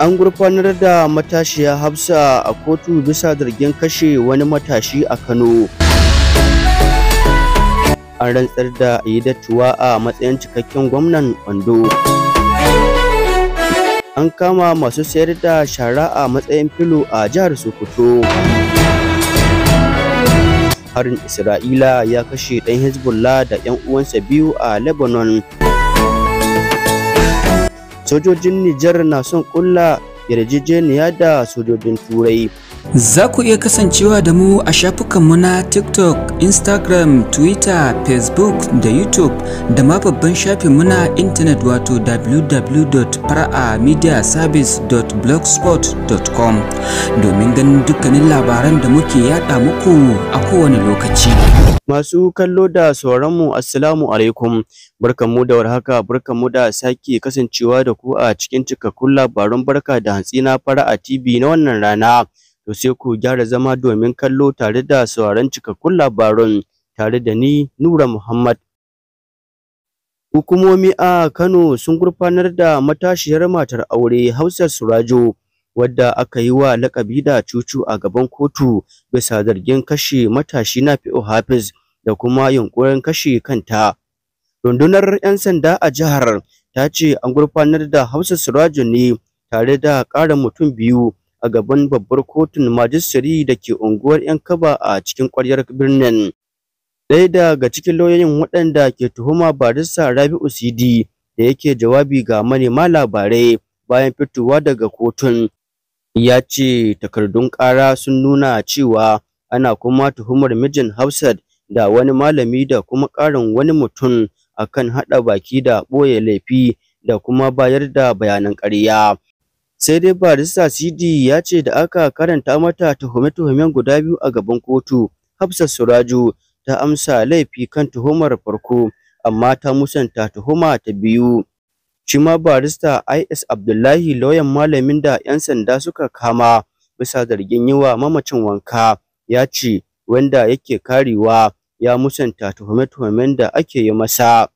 an gurfanar da matashiya hafsa a kotu bisa zargin kashe wani matashi a kano an rantsar da yi datuwa a matsayin cikakken gwamnan ondo an kama masu sayar da shara a matsayin filo a jihar sokoto harin isra'ila ya kashe ɗan hezbollah da 'yan uwansa biyu a lebanon sojojin Nijar na son kulla yarjejeniya da sojojin Turai Za ku iya kasancewa da mu a shafukanmu na TikTok, Instagram, Twitter, Facebook da YouTube da ma babban shafinmu na intanet wato www.fara'amediaservice.blogspot.com domin ganin dukkanin labaran da muke yada muku a kowane lokaci. Masu kallo da sauranmu Assalamu alaikum, mu da warhaka, mu da sake kasancewa da ku a cikin cikakkun labarun barka da hantsi na fara a TV na wannan rana. to sai ku gyara zama domin kallo tare da sauraron cikakkun labaran, tare da ni Nura Muhammad. Hukumomi a Kano sun gurfanar da matashiyar matar aure Hausa Surajo wadda aka yi wa lakabi da cucu a gaban kotu bisa zargin kashe matashi na fi'o Hafiz da kuma yunkurin kashe kanta. Rundunar 'yan sanda a jihar ta ce an gurfanar da Hausa Surajo ne tare da ƙarin mutum biyu a gaban babbar kotun majistare da ke unguwar 'yan kaba a cikin kwaryar birnin. Ɗaya daga cikin lauyoyin waɗanda ke tuhuma barista Rabi'u Sidi da yake jawabi ga manema labarai bayan fitowa daga kotun ya ce takardun ƙara sun nuna cewa ana kuma tuhumar mijin Hafsat da wani malami da kuma ƙarin wani mutum akan haɗa baki da ɓoye laifi da kuma bayar da bayanan ƙarya. sai dai barista Sidi ya ce da aka karanta mata tuhume-tuhumen guda biyu a gaban kotu Hafsat Suraju ta amsa laifi kan tuhumar farko amma ta musanta tuhuma ta biyu Shima barista IS Abdullahi lauyan malamin da 'yan sanda suka kama bisa zargin yi wa mamacin wanka ya ce wanda yake karewa ya musanta tuhume-tuhumen da ake yi masa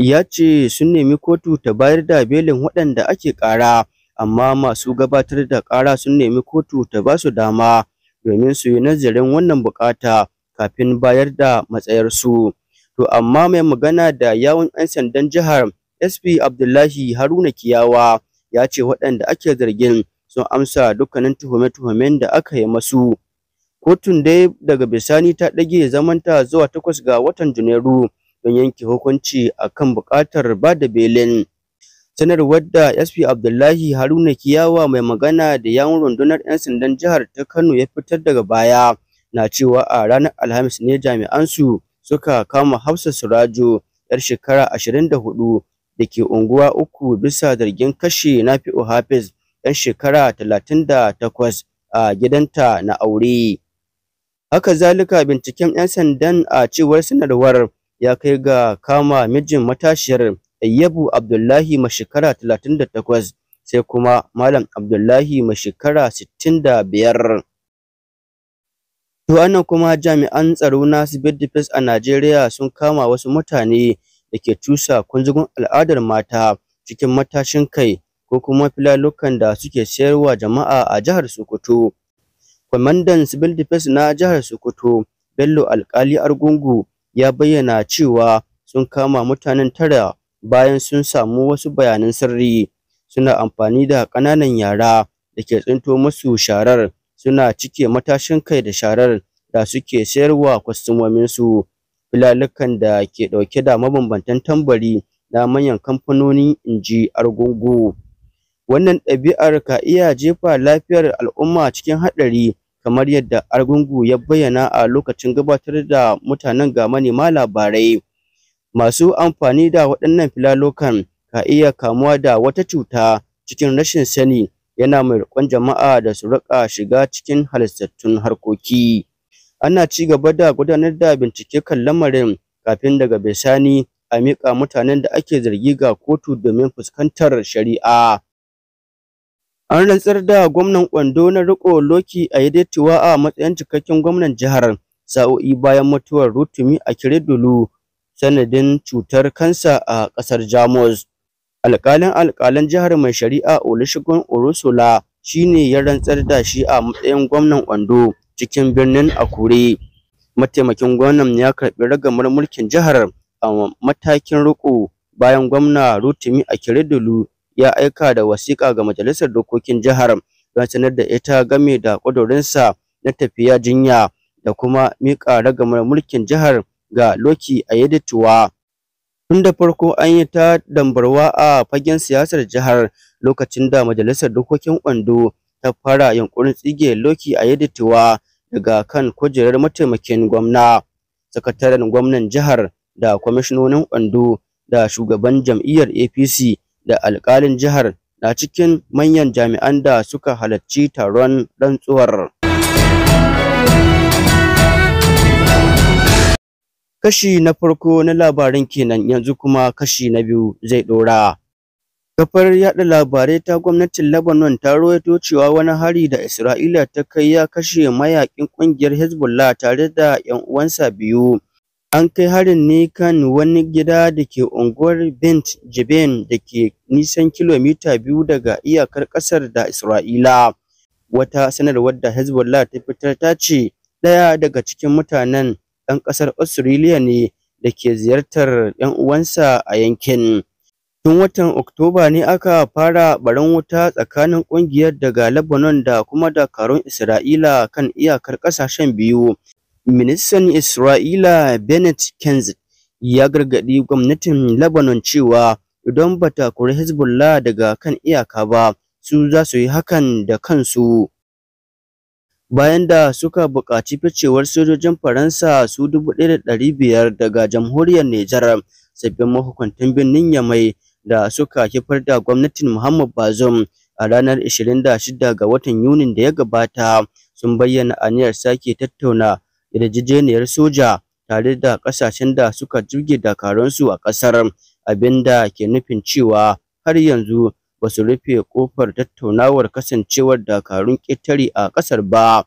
ya ce sun nemi kotu ta bayar da belin waɗanda ake ƙara amma masu gabatar da ƙara sun nemi kotu ta ba su dama domin su yi nazarin wannan bukata kafin bayar da matsayarsu. To amma mai magana da yawon 'yan sandan jihar SP Abdullahi Haruna Kiyawa ya ce waɗanda ake zargin sun amsa dukkanin tuhume-tuhumen da aka yi masu. Kotun dai daga bisani ta ɗage zamanta zuwa takwas ga watan Janairu don yanke hukunci akan buƙatar ba da belin. sanarwar da sp abdullahi haruna kiyawa mai magana da yawun rundunar 'yan sandan jihar ta kano ya fitar daga baya na cewa a ranar alhamis ne jami'an su suka kama hafsa surajo yar shekara 24 da ke unguwa uku bisa zargin kashe nafi'u hafiz yan shekara 38 a gidanta na aure haka zalika binciken 'yan sandan a cewar sanarwar ya kai ga kama mijin matashiyar Ayyabu Abdullahi mai shekara 38 sai kuma Malam Abdullahi mai shekara 65. To anan kuma jami'an tsaro na civil defense a Najeriya sun kama wasu mutane da ke cusa kunzugun al'adar mata cikin matashin kai ko kuma filalukan da suke sayarwa jama'a a jihar Sokoto. Kwamandan civil defense na jihar Sokoto Bello Alkali Argungu ya bayyana cewa sun kama mutanen tara bayan sun samu wasu bayanan sirri suna amfani da ƙananan yara da ke tsinto musu sharar suna cike matashin kai da sharar da suke sayarwa su filalukan da ke ɗauke da mabambantan tambari na manyan kamfanoni inji argungu wannan ɗabi'ar ka iya jefa lafiyar al'umma cikin haɗari kamar yadda argungu ya bayyana a lokacin gabatar da mutanen ga manema labarai masu amfani da waɗannan filalokan ka iya kamuwa da wata cuta cikin rashin sani yana mai roƙon jama'a da su riƙa shiga cikin halittattun harkoki ana ci gaba da gudanar da bincike kan lamarin kafin daga bisani a miƙa mutanen da ake zargi ga kotu domin fuskantar shari'a an rantsar da gwamnan kwando na riƙo Loki a Aiyedatiwa a matsayin cikakken gwamnan jihar sa'o'i bayan mutuwar rutumi a Kiredolu sanadin cutar kansa a ƙasar Jamus. Alƙalin alƙalan jihar mai shari'a Olusegun shi ne ya rantsar da shi a matsayin gwamnan Ondo cikin birnin Akure. Mataimakin gwamnan ya karɓi ragamar mulkin jihar a matakin riko bayan gwamna Rotimi Akeredolu ya aika da wasiƙa ga majalisar dokokin jihar don sanar da ita game da ƙudurinsa na tafiya jinya da kuma miƙa ragamar mulkin jihar ga Loki Ayedetuwa. Tun da farko an yi ta dambarwa a fagen siyasar jihar lokacin da majalisar dokokin kwando ta fara yankurin tsige Loki Ayedetuwa daga kan kujerar mataimakin gwamna. Sakataren gwamnan jihar da kwamishinonin kwando da shugaban jam'iyyar APC da alkalin jihar na cikin manyan jami'an da suka halarci taron rantsuwar. Kashi na farko na labarin kenan yanzu kuma kashi na biyu zai ɗora. Kafar yaɗa labarai ta gwamnatin Lebanon ta rawaito cewa wani hari da Isra'ila ta kai ya kashe mayakin ƙungiyar Hezbollah tare da 'yan uwansa biyu. An kai harin ne kan wani gida da ke unguwar Bent Jeben da ke nisan kilomita biyu daga iyakar ƙasar da Isra'ila. Wata sanarwar da Hezbollah ta fitar ta ce ɗaya daga cikin mutanen ɗan ƙasar Australia ne da ke ziyartar 'yan uwansa a yankin. Tun watan Oktoba ne aka fara barin wuta tsakanin ƙungiyar daga Lebanon da kuma dakarun Isra'ila kan iyakar ƙasashen biyu. Ministan Isra'ila Bennett Kenz ya gargaɗi gwamnatin Lebanon cewa idan bata kuri Hezbollah daga kan iyaka ba, su za su yi hakan da kansu. bayan da suka buƙaci ficewar sojojin Faransa su 1,500 daga jamhuriyar Nijar, sabbin mahukuntan birnin Yamai da suka kifar da gwamnatin Muhammad Bazoum a ranar 26 ga watan Yunin da ya gabata sun bayyana aniyar sake tattauna yarjejeniyar soja tare da ƙasashen da suka jirge dakaransu a ƙasar, abin da ke nufin cewa har yanzu ba su rufe kofar tattaunawar kasancewar dakarun ƙetare a ƙasar ba.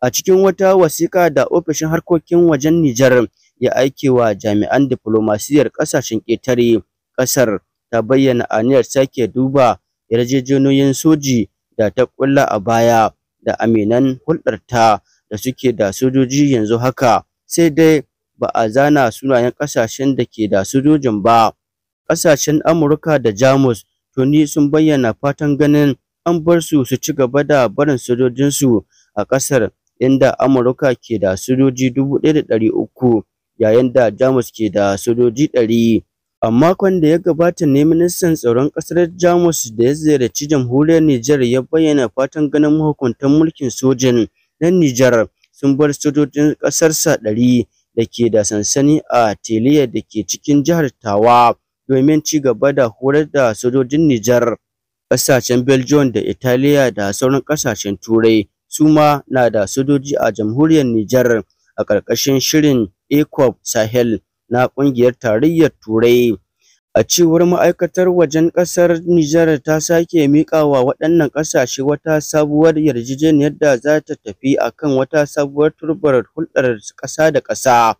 A cikin wata wasiƙa da ofishin harkokin wajen Nijar ya aike wa jami'an diflomasiyyar ƙasashen ƙetare, ƙasar ta bayyana aniyar sake duba yarjejeniyoyin soji da ta ƙulla a baya da aminan hulɗarta da suke da sojoji yanzu haka, sai dai ba a zana sunayen ƙasashen da ke da sojojin ba. Ƙasashen Amurka da Jamus tuni sun bayyana fatan ganin an bar su su ci gaba da barin sojojinsu a ƙasar inda Amurka ke da sojoji 1,300 yayin da Jamus ke da sojoji 100. amma kwanda da ya gabata ne ministan tsaron ƙasar Jamus da ya ziyarci jamhuriyar Nijar ya bayyana fatan ganin mahukuntan mulkin sojin na Nijar sun bar sojojin ƙasarsa ɗari da ke da sansani a Teliya da ke cikin jihar Tawa domin ci gaba da horar da sojojin Nijar. Ƙasashen Belgium da Italiya da sauran ƙasashen Turai su ma na da sojoji a jamhuriyar Nijar a ƙarƙashin shirin ECOP Sahel na ƙungiyar tarayyar Turai. A cewar ma'aikatar wajen ƙasar Nijar ta sake miƙawa waɗannan ƙasashe wata sabuwar yarjejeniyar da za ta tafi akan wata sabuwar turbar hulɗar ƙasa da ƙasa.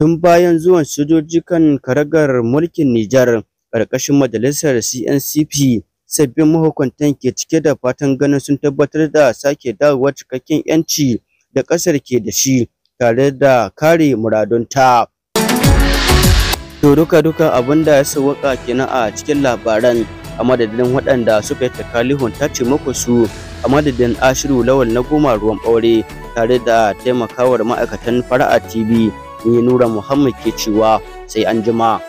tun bayan zuwan sojoji kan karagar mulkin Nijar ƙarƙashin majalisar CNCP sabbin mahukuntan ke cike da fatan ganin sun tabbatar da sake dawowa cikakken yanci da ƙasar ke da shi tare da kare muradunta. To duka duka abin da ya sauwaka kenan a cikin labaran a madadin waɗanda suka yi takalihun ta ce muku su a madadin ashiru lawal na goma ruwan ɓaure tare da taimakawar ma'aikatan fara'a TV. ni nura muhammad ke cewa sai an jima.